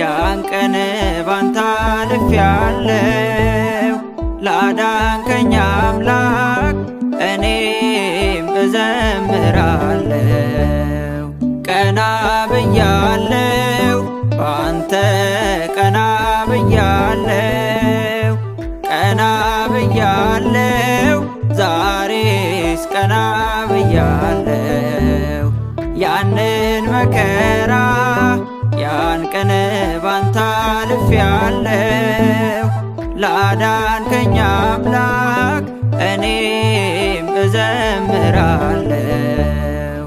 ያን ቀን ባንተ ያለው! ላዳንከኝ አምላክ እኔም እዘምራለው! ቀና ብያለሁ ባንተ ቀና ብያለው ቀና ብያለሁ ዛሬስ ቀና ብያለሁ ያንን መከራ ያን ቀን ካንተ ላዳን ከኛ አምላክ እኔም እዘምራለሁ።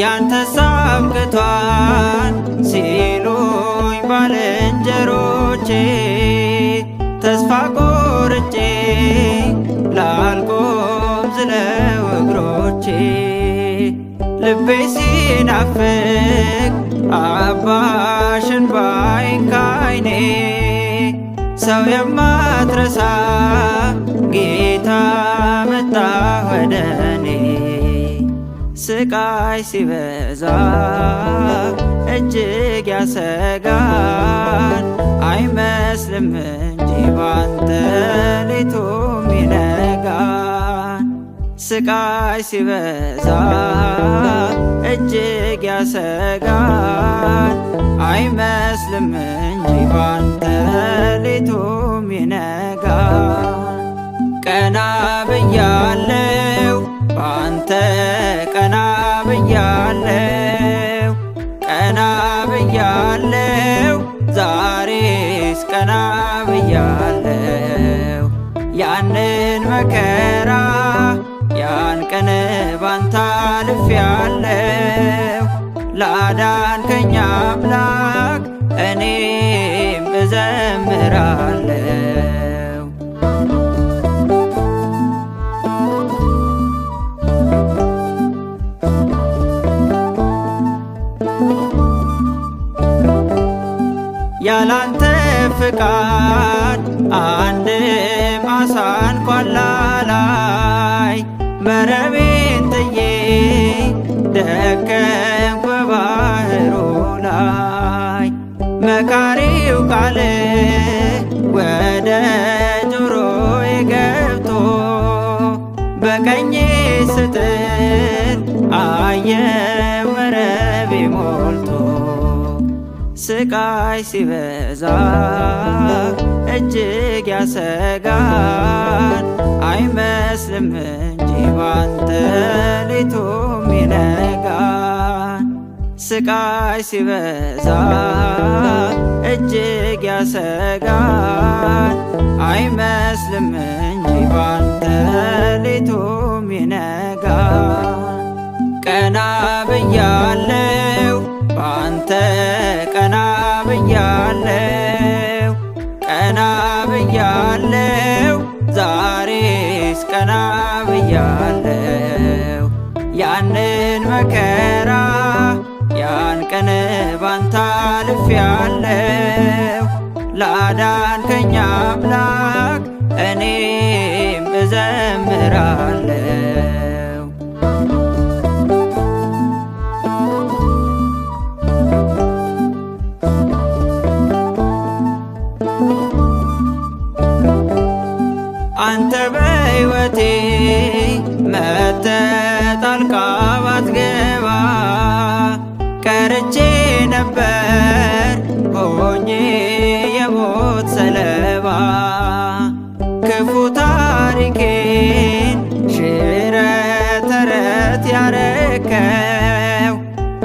ያንተ ሳብቅቷን ሲሉኝ ባልንጀሮቼ ተስፋ ቆርጬ ላልቆም ዝለው እግሮቼ ልቤ ሲናፍቅ አባሽን ባይን ካይኔ ሰው የማትረሳ ጌታ መጣ ወደኔ ስቃይ ሲበዛ እጅግ ያሰጋል አይመስልም እንጂ ባንተ ስቃይ ሲበዛ እጅግ ያሰጋል። አይመስልም እንጂ ባንተ ሌቱም ይነጋ። ቀና ብያለው ባንተ ቀና ብያለው ቀና ብያለው ዛሬስ ቀና ብያለው ያንን መከ አዳንከኝ አምላክ እኔም እዘምራለሁ። ያላንተ ፍቃድ አንድ ዓሳ እንኳን ላላይ መረቤን ጥዬ ደግ ስጥን አየው መረቤ ሞልቶ ስቃይ ሲበዛ እጅግ ያሰጋል። አይመስልም እንጂ ባንተ ሌቱም ይነጋል። ስቃይ ሲበዛ እጅግ ያሰጋል። አይመስልም እንኳን ሌሊቱም ይነጋ ቀና ብያለው በአንተ ቀና ብያለው ቀና ብያለው ዛሬስ ቀና ብያለው ያንን መከራ ያን ቀን ባንታ ልፍ ያለው ላዳን ከኛ አምላክ እኔ እዘምራለሁ። አንተ በሕይወቴ መተህ ጣልቃ ባትገባ ቀርቼ ነበር ያደረከው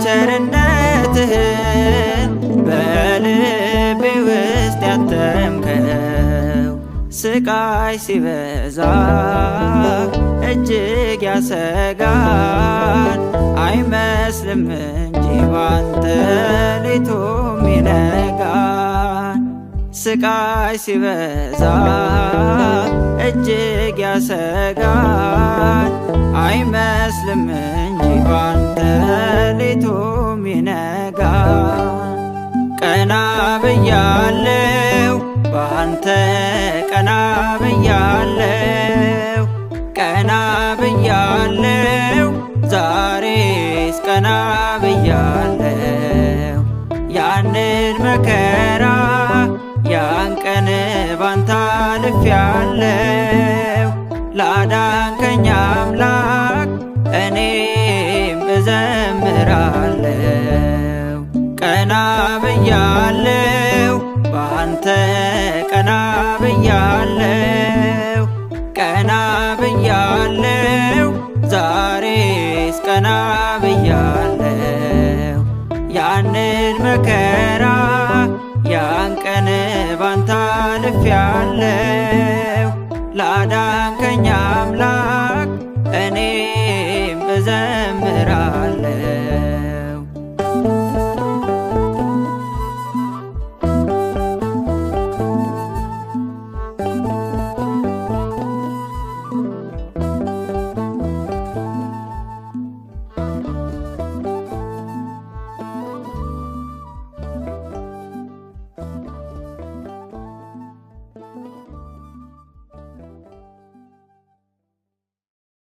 ቸርነትህን በልቤ ውስጥ ያተምከው ስቃይ ሲበዛ እጅግ ያሰጋል አይመስልም እንጂ ባንተ ሌቱም ይነጋል ስቃይ ሲበዛ እጅግ ያሰጋል አይመስልም እንኳን ሌሊቱ ሚነጋ ቀና ብያለው በአንተ ቀና ብያለው ቀና ብያለው ዛሬስ ቀና ብያለው ያንን መከራ ያን ቀን ባንታ ልፍ ያለው ላዳንከኛ አምላክ እኔ ብያለው በአንተ ቀና ብያለው ቀና ብያለው ዛሬስ ቀና ብያለው ያንን መከራ ያን ቀን ባንታ ልፍ ያለው ላዳንከኛ